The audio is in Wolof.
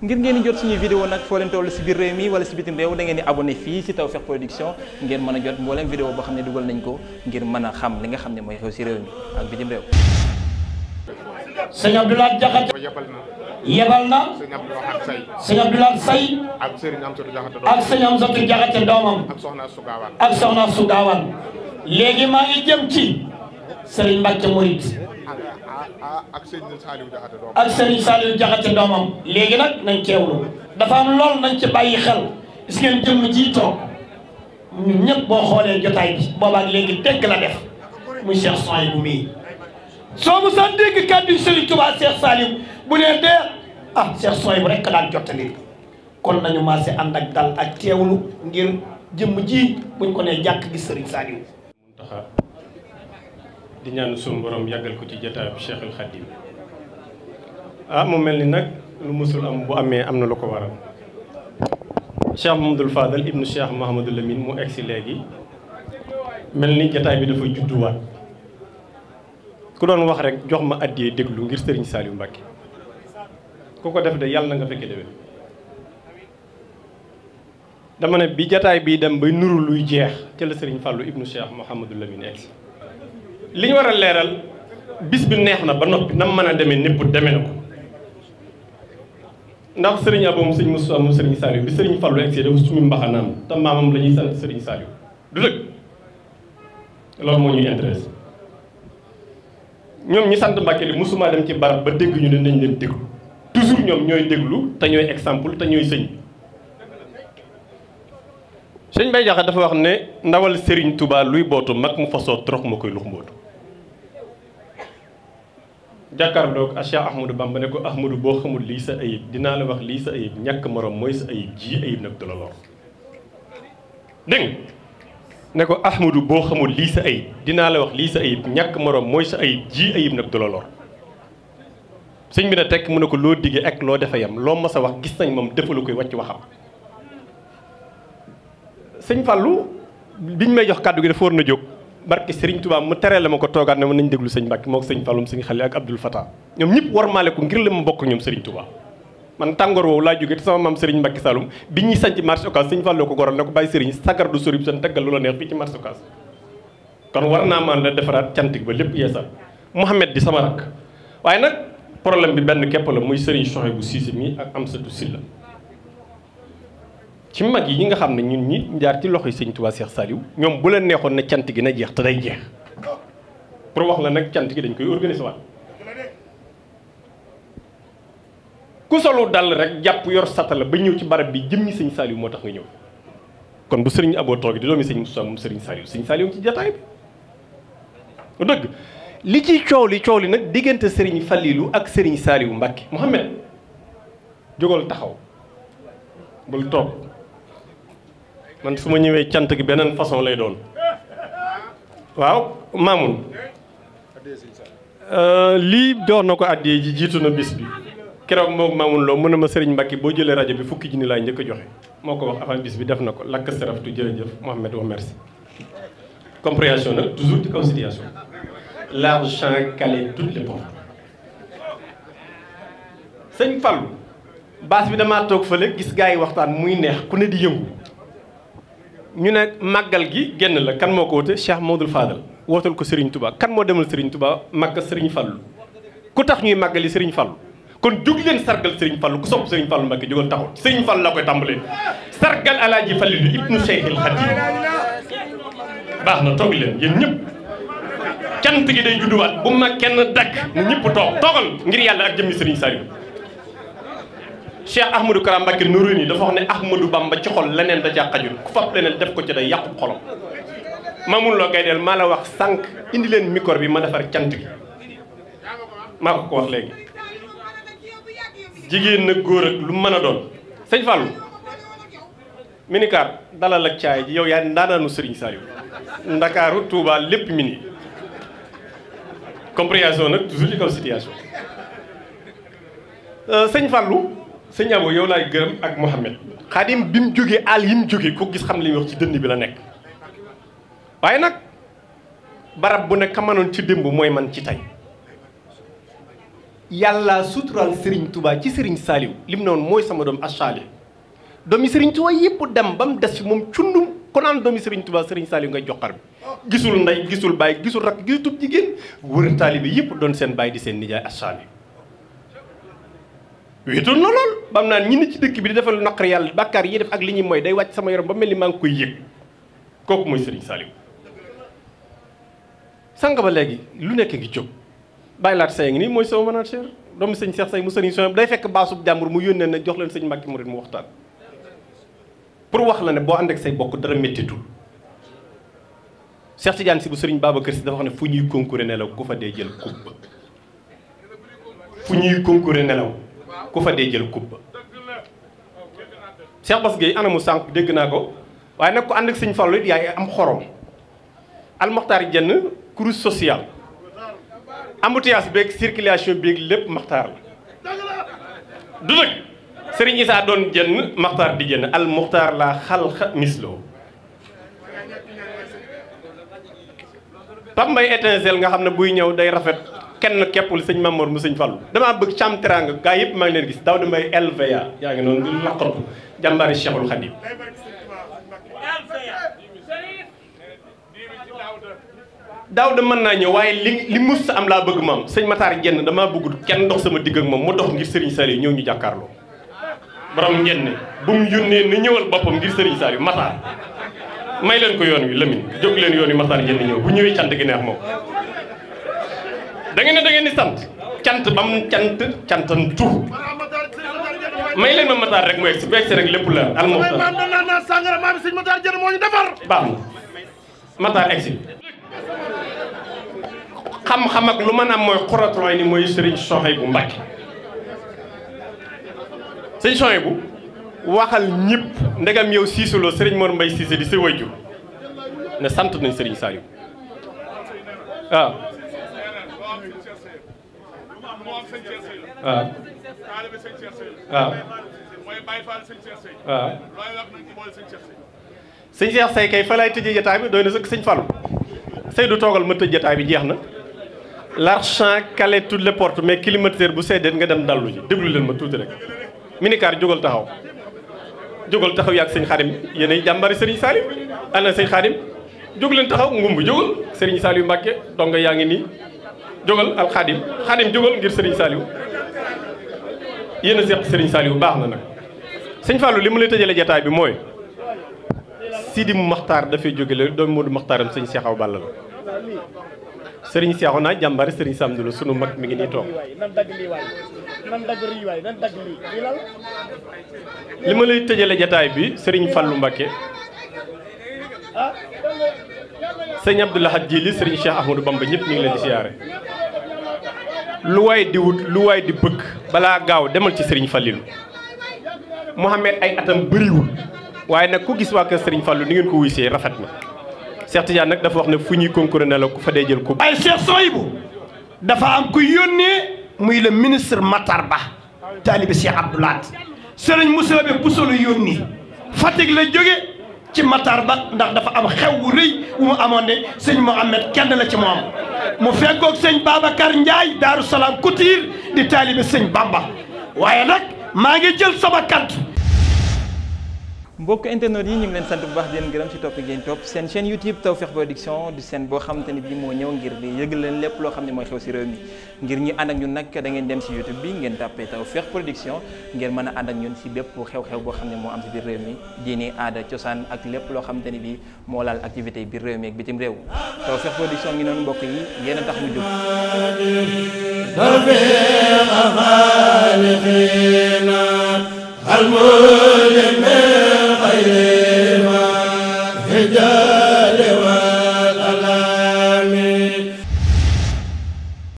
ngir ngeen jot suñu vidéo nag foo leen toll si biir réew mi wala si bitim réew da ngeen di abonné fii si Tawfekh Production ngeen mën a jot mbooleem vidéo boo xam ne dugal nañ ko ngir mën a xam li nga xam ne mooy xew si réew mi ak bitim réew sëñ Abdoulaye Diakhaté yebal na yebal na sëñ Abdoulaye Say ak sëñ Amsatou Diakhaté doomam ak soxna Sougawaan ak soxna Sougawaan léegi maa ngi jëm ci sëriñ Mbacke Mouride ak Serigne Saliou Diakhaté doomam léegi nag nañ ceewlu dafa am lool nañ ci bàyyi xel gis ngeen jëmm ji to ñun ñëpp boo xoolee jotaay bi boobaak léegi dégg la def muy Cheikh Saliou bu mii soo mu san dégg kàddu Serigne Touba Cheikh Saliou bu nee dee ah Cheikh Saliou bu rekk daan jottali kon nañu maase ànd ak dal ak teewlu ngir jëmm ji buñ ko nee jàkk gis Serigne Saliou di ñaan suñu borom yàggal ko ci jataab Cheikhul Khadim ah mu mel ni nag lu musul am bu amee am na lu ko waral Cheikh Mahamadul Fadal ibnu Cheikh Mahamadul Lamine mu egsi léegi mel ni jataay bi dafa judduwaat ku doon wax rek jox ma addiyee déglu ngir sëriñ Saliou Mbacke ku ko def de yàlla na nga fekke déwén dama ne bi jataay bii dem bay nuru luy jeex ca la sëriñ Fallou ibnu Cheikh Mahamadul Lamine egsi li ñu war a leeral bis bi neex na ba noppi na mën a demee népp demee na ko ndax sëriñ Abo moom sëñ Moussa moom sëriñ Saliou bi sëriñ Fallou egsi dafa sumi mbaxanaam te maamam la ñuy sant sëriñ Saliou du dëgg loolu moo ñuy intéressé ñi sant Mbàkke li mosuma dem ci barab ba dégg ñu ne nañ leen déglu ñoom ñooy déglu te exemple te sëñ sëñ Bay Jaxa dafa wax ne ndawal sëriñ Touba luy bootu mag mu fasoo trox ma koy lux mbootu jàkkaarloog ak Cheikh Ahmadou Bamba ne ko Ahmadou boo xamul lii sa ayib dinaa la wax lii sa ayib ñàkk moroom mooy sa ayib ji ayib nag du la ko Ahmadou boo xamul lii sa ayib dinaa la wax lii sa ayib ñàkk morom mooy sa ayib ji ayib nag sëñ bi na tekk mu ne ko loo diggee ak loo defa yam loo mas a wax gis nañ moom defalu koy wàcc waxam sëñ Fallou biñ may jox kàddu gi dafa war na jóg. barke Serigne Touba mu teree la ma ko toogaat ne ma nañ déglu sëñ Mbàkke moo sëñ Falloum sëñ Xale ak Abdoul Fatah ñoom ñëpp war maale ko ngir la ma bokk ñoom Serigne Touba man tàngoor woowu laa jógee te sama maam Serigne Mbàkke Saloum bi ñuy sanc marché Ocass sëñ Fallou ko goral ne ko bàyyi Serigne sagar du sori bi seen taggal lu la neex fii ci marché Ocass kon war naa maan defaraat cantik ba lépp yeesal Mouhamed di sama rakk waaye nag problème bi benn képp la muy Serigne Chouhaïbou Cissé mi ak Amsatou Sylla ci mag yi ñi nga xam ne ñun ñi jaar ci loxo yi sëñ Tuubaa Seex ñoom bu leen neexoon na cant gi na jeex te day jeex pour wax la nag cant gi dañ koy organiser waat ku solu dal rek jàpp yor satala ba ñëw ci barab bi jëmmi sëñ Saliou moo tax nga ñëw kon bu sëriñ Aboo toog di doomi sëñ Moussa sëriñ Saliou sëñ Saliou si jataay bi dëgg li ci coow li coow li nag diggante sëriñ Fallilu ak sëriñ Saliou Mbacke Mouhamed jógal taxaw bul toog man su ma ñëwee cant gi beneen façon lay doon waaw Mamoun euh, lii door na ko àddee ji jiitu na bis bi keroog moo Mamoun loo mën na ma sëriñ mbakki boo jëlee rajo bi fukki junni laay njëkk a joxe moo ko wax avant bis bi def na ko lakk saraftu jërëjëf Mohamed wa merci compréhension nag toujours ci kaw situation large champ calé toutes les portes sëñ Fallou baas bi damaa toog fële gis gaa yi waxtaan muy neex ku ne di yëngu ñu ne màggal gi génn la kan moo ko woote Cheikh Modou Fadal wootal ko Serigne Touba kan moo demal Serigne Touba màgg Serigne Fallou ku tax ñuy màggal yi Serigne Fallou kon jóg leen sargal Serigne Fallou ku sopp Serigne Fallou Mbacké jógal taxaw Serigne Fallou la koy tàmbalee sargal alaaji Fallou ibnu Cheikhil Khadim baax na toog leen yéen ñëpp cant gi day judduwaat bu ma kenn dakk na ñëpp toog toogal ngir yàlla ak jëmmi Serigne Saliou Cheikh Ahmadou Kara Mbacké Noreyni dafa wax ne Ahmadou Bamba ci xol leneen da caa xajul ku fab leneen def ko ci day yàqu xolam. Mamoune Lo Gaydel maa la wax sànq indi leen micro bi ma defar cant gi maa ko ko wax léegi. jigéen nag góor ak lu mën a doon sëñ Fallou minicar dalal ak caay ji yow yaa ndaanaanu Serigne Saliou Ndakaaru tuubaal lépp mini compréhension nag toujours ci kaw situation euh, sëñ Fallou sëñ yow laay gërëm ak Mouhamed xaadim bi mu jógee àll yi mu jógee ko gis xam li muy wax ci dënn bi la nekk waaye nag barab bu ne kamanoon ci démb mooy man ci tey yàlla suturaal sëriñ Touba ci Serigne Saliou lim noonu mooy sama doom achaale doomi Serigne Touba yëpp dem ba mu des ci moom cundum ko naan doomi Serigne tubaa sëriñ Saliou ngay joxar bi gisul ndey gisul baay gisul rakk gisul tub jigéen wër taalibe yëpp doon seen baay di seen nijaay achaale wéetoon na lool ba am naan ñi ne ci dëkk bi di defal lu naqar yàlla bàkkaar yi def ak li ñuy mooy day wàcc sama yaram ba mel ni maa koy yëg kooku mooy Serigne Saliou sànq ba léegi lu nekk ngi jóg bàyyi laat say ngi nii mooy sama manager doomu sëñ Cheikh say mu sëriñ so day fekk baasub jàmbur mu yónnee ne jox leen sëñ Mbàkke Murid mu waxtaan pour wax la ne boo ànd ak say bokk dara méttitul Cheikh Tidiane si bu sëriñ Babacar si dafa wax ne fu ñuy concourir nelaw ku fa dee jël coupe fu ñuy ku fa dee jël coupe ba Cheikh Bass Gueye anamu sànq dégg naa ko waaye nag ku ànd ak sëñ Fallou it yaay am xorom almaxtaar jenn course sociale embouteillage beeg circulation beeg lépp maxtaar la du dëgg Serigne Issa doon jenn maxtaar di jenn al la xalxa misloo Pape Mbaye nga xam ne buy ñëw day rafet kenn képp li sëñ Mamour mu sëñ Fallu damaa bëgg càmm teraanga gaa yëpp maa leen gis Daouda Mbaye LVA yaa ngi noonu di laqatu jàmbaari Cheikhul Khadim Daouda mën naa ñëw waaye li li mus am laa bëgg maam sëñ Matar Jenn damaa bëgg kenn ndox sama digg moom mu dox ngir Serigne Saliou ñëw ñu jàkkaarloo borom Jenn bu mu yónnee na ñëwal boppam ngir Serigne Saliou Matar may leen ko yoon wi Lamine jóg leen yoon yi Matar Jenn ñëw bu ñëwee cant gi neex moom da ngeen da ngeen di sant cant ba mu cant cantantu may leen ma mataar rek mu egsi bu egsi rek lépp la almoxtar maam da naan naan sàngara maam sëñ mataar jën egsi xam-xam ak lu mën am mooy xoratoy ni mooy sëriñ soxey bu Mbàkke sëñ soxey bu waxal ñépp ndegam yow siisuloo sëriñ Mor Mbay Siise di si wayju ne sant nañ sëriñ Saliou waaw ah. waaw. Ah. Ah. waaw. Ah. waaw. sëñ Cheikh Seye kay fa laay tëjee jotaay bi doy na sëkk sëñ Fallou Seydou toogal ma tëj jotaay bi jeex na. l'argent calait toutes les portes mais climatiseur bu seddee nga dem dallu ji déglu ma tuuti rek. minicar jógal taxaw jógal taxaw yaag sëñ Xaadim yéenay jàmbari Serigne Salim ana sëñ Xaadim jóg leen taxaw ngumb jógal Serigne Salim Mbacke dong yaa ngi nii. jógal alxaadim xaadim jógal ngir Serigne Saliou yéen sëriñ seq Serigne Saliou baax na nag sëñ Fallou li mu lay tëjale jataay bi mooy Sidi Maxtaar dafay jóge la doomu Modou Maxtaaram sëñ Cheikh Awa Balla la sëriñ Seexu naa jàmbari sëriñ Samdu la sunu mag mi ngi nii toog li ma lay tëjale jataay bi sëriñ fallu Mbakke ah? sëñ Abdoul Ahad Jili sëriñ Cheikh Ahmadou Bamba ñëpp ñu ngi leen siyaare lu waay di wut lu waay di bëgg balaa gaaw demal ci Serigne Fallilou Mouhamed ay atam bëriwul waaye nag ku gis waa kër Serigne Fallou ni ngeen ko wuysee rafet na Cheikh Tidiane nag dafa wax ne fu ñuy concourir ne la ku fa dee jël ko. ay Cheikh Soyibu dafa am ku yónnee muy le ministre Matar Ba taalibi Cheikh Abdoulaat Serigne Moussa Be Bousso la yónnee Fatick la jóge ci Matar Ba ndax dafa am xew wu rëy wu mu amoon ne sëñ Mouhamed kenn la ci moom. mu feggoog sëñ Babacar Ndiaye Daaru Salaam Couture di taalibe sëñ Bamba waaye nag maa ngi jël sama kàddu mbokk internet yi ñu ngi leen sant bu baax di leen gërëm ci topp ngeen seen chaîne YouTube Tawfekh Production du seen boo xamante ni bii moo ñëw ngir di yëgal leen lépp loo xam ne mooy xew ci réew mi ngir ñu ànd ak ñun nag da ngeen dem ci YouTube bi ngeen tàppee Tawfekh Production ngeen mën a ànd ak ñun ci bépp xew-xew boo xam ne moo am ci biir réew mi diini aada cosaan ak lépp loo xamante ni bii moo laal activité biir réew mi ak bitim réew Tawfekh Production ngi noonu mbokk yi yéen a tax mu jóg.